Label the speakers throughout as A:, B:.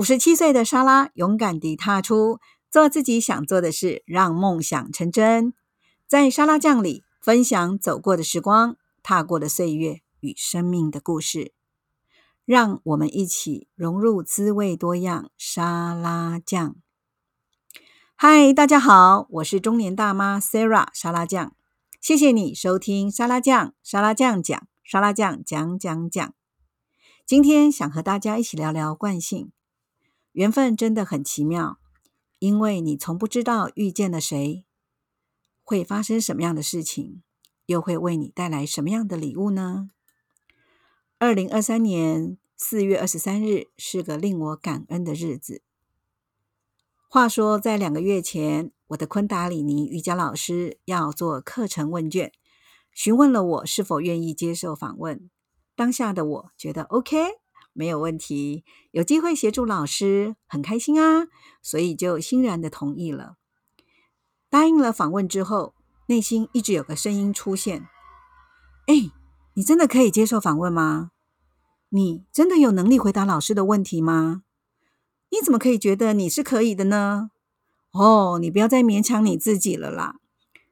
A: 五十七歲的莎拉勇敢地踏出，做自己想做的事，讓夢想成真。在沙拉醬裡分享走過的時光、踏過的歲月與生命的故事，讓我們一起融入滋味多樣沙拉醬。嗨，大家好，我是中年大媽 Sara 沙拉醬。謝謝你收聽沙拉醬沙拉醬講沙拉醬講講講，講。今天想和大家一起聊聊慣性。緣分真的很奇妙，因為你從不知道遇見了誰，會發生什麼樣的事情，又會為你帶來什麼樣的禮物呢？二零二三年四月二十三日是個令我感恩的日子。話說，在兩個月前，我的昆達里尼瑜伽老師要做課程問卷，詢問了我是否願意接受訪問。當下的我覺得 OK。沒有問題，有機會協助老師，很開心啊，所以就欣然的同意了。答應了訪問之後，內心一直有個聲音出現：“誒，你真的可以接受訪問嗎？你真的有能力回答老師的問題嗎？你怎麼可以覺得你是可以的呢？哦，你不要再勉強你自己了啦！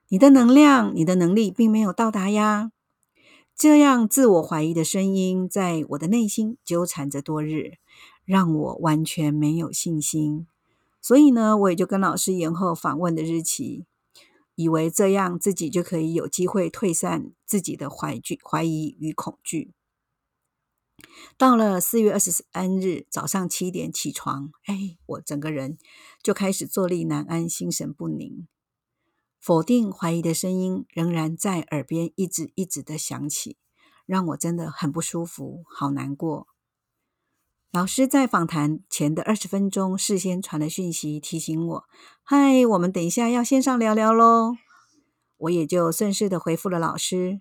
A: 你的能量，你的能力並沒有到達呀。”這樣自我懷疑的聲音在我的內心糾纏着多日，讓我完全沒有信心。所以呢，我也就跟老師延後訪問的日期，以為這樣自己就可以有機會退散自己的懷懼、懷疑與恐懼。到了四月二十四日早上七點起床，哎，我整個人就開始坐立難安，心神不寧。否定、懷疑的聲音仍然在耳邊一直一直的響起，讓我真的很不舒服，好難過。老師在訪談前的二十分鐘事先傳了訊息提醒我：“嗨，我們等一下要線上聊聊嘍。”我也就順勢的回覆了老師：“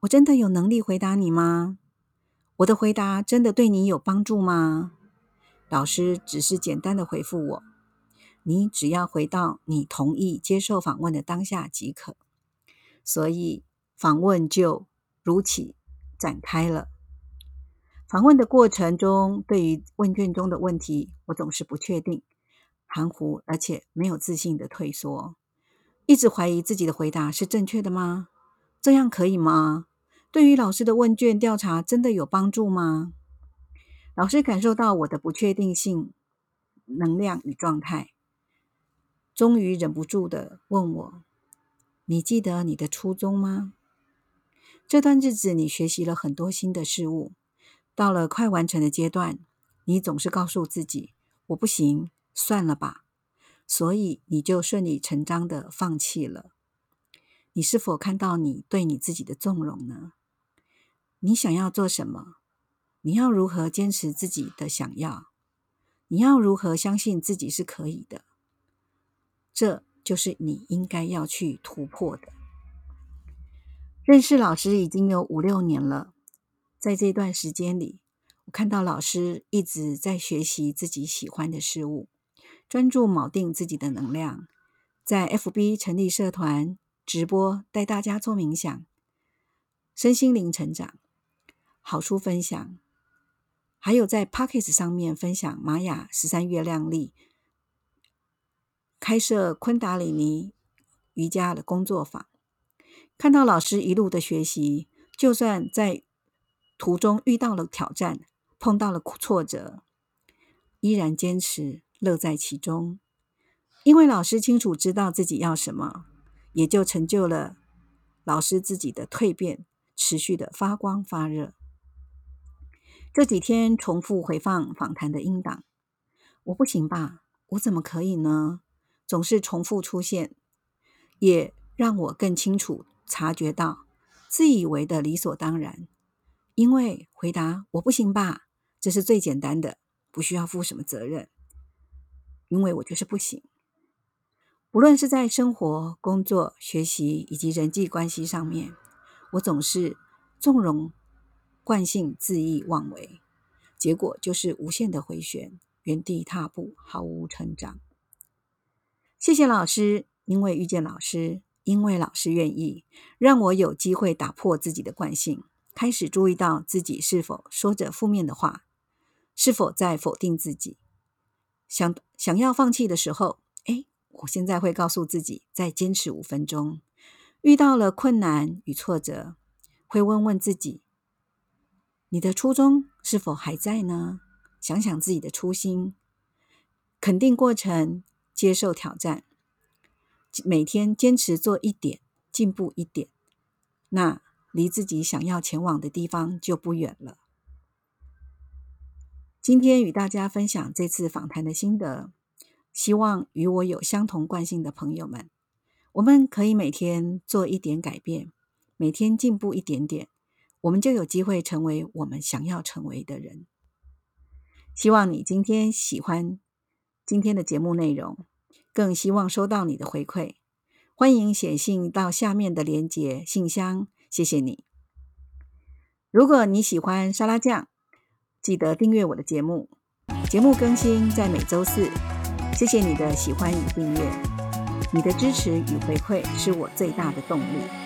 A: 我真的有能力回答你嗎？我的回答真的對你有幫助嗎？”老師只是簡單的回覆我。你只要回到你同意接受訪問的當下即可，所以訪問就如期展開了。訪問的過程中，對於問卷中的問題，我總是不確定、含糊，而且沒有自信的退縮，一直懷疑自己的回答是正確的嗎？這樣可以嗎？對於老師的問卷調查，真的有幫助嗎？老師感受到我的不確定性、能量與狀態。終於忍不住的問我：“你記得你的初衷嗎？這段日子你學習了很多新的事物，到了快完成的階段，你總是告訴自己‘我不行，算了吧’，所以你就順理成章的放棄了。你是否看到你對你自己的縱容呢？你想要做什麼？你要如何堅持自己的想要？你要如何相信自己是可以的？”這就是你應該要去突破的。認識老師已經有五六年了，在這段時間裡，我看到老師一直在學習自己喜歡的事物，專注錨定自己的能量，在 FB 成立社團直播，帶大家做冥想、身心靈成長、好書分享，還有在 Podcast 上面分享《瑪雅十三月亮曆》。開設昆達里尼瑜伽的工作坊，看到老師一路的學習，就算在途中遇到了挑戰，碰到了挫折，依然堅持，樂在其中。因為老師清楚知道自己要什麼，也就成就了老師自己的蛻變，持續的發光發熱。這幾天重複回放訪談的音檔，我不行吧？我怎麼可以呢？總是重複出現，也讓我更清楚察覺到自以為的理所當然。因為回答我不行吧，這是最簡單的，不需要負什麼責任。因為我就是不行。無論是在生活、工作、學習以及人際關係上面，我總是縱容慣性、恣意妄為，結果就是無限的回旋、原地踏步、毫無成長。謝謝老師，因為遇見老師，因為老師願意讓我有機會打破自己的慣性，開始注意到自己是否說着負面的話，是否在否定自己。想想要放棄的時候，誒，我現在會告訴自己，再堅持五分鐘。遇到了困難與挫折，會問問自己，你的初衷是否還在呢？想想自己的初心，肯定過程。接受挑戰，每天堅持做一點，進步一點，那離自己想要前往的地方就不遠了。今天與大家分享這次訪談的心得，希望與我有相同慣性的朋友們，我們可以每天做一點改變，每天進步一點點，我們就有機會成為我們想要成為的人。希望你今天喜歡，今天的節目內容，更希望收到你的回饋。歡迎寫信到下面的連結信箱，謝謝你。如果你喜歡沙拉醬，記得訂閱我的節目，節目更新在每週四。謝謝你的喜歡與訂閱，你的支持與回饋是我最大的動力。